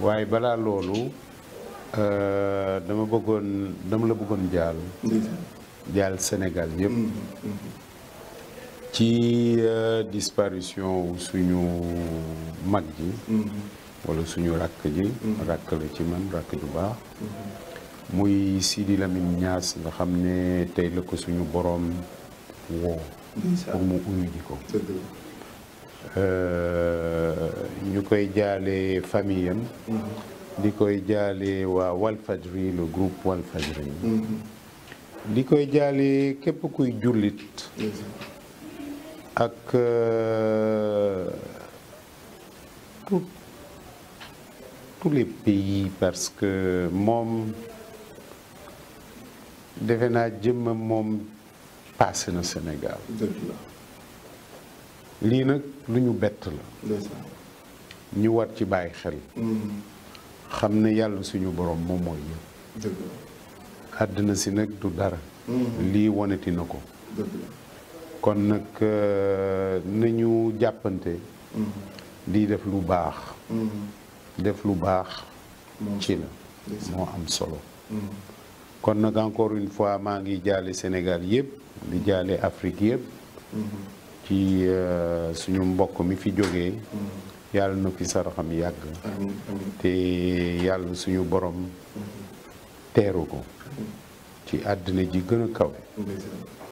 waaye balaa loolu euh, dama bëggoon dama la bëggoon jaal jaal Sénégal yëpp mm, mm, mm. ci euh, disparition suñu mag ji wala suñu rakk ji rakk la ci man rakk ju baax muy Sidi Lamine Niass nga xam ne tey la ko suñu boroom woo pour mu uyu ji ko ñu koy jaale famille mm-hmm. di koy jaale waa Walfadjri le groupe Walfadjri mm-hmm. di koy jaale képp kuy jullit mm-hmm. ak euh, tout tous les pays parce que moom defe naa jëmm moom paase na Sénégal lii nag lu ñu bett la ñu war ci bàyyi xel mm-hmm. xam ne yàlla suñu borom moom mooy yëpp àddina si nag du dara mm-hmm. lii wonati na ko kon nag euh, nañu jàppante mm-hmm. di def lu baax def lu baax ci la moo am solo kon nag encore une fois maa ngi jaale Sénégal yëpp di jaale Afrique yëpp ci euh, suñu mbokk mi fi jógee yàlla na fi saraxam yàgg te yàlla suñu boroom teeru ko ci àddina ji gën a kawe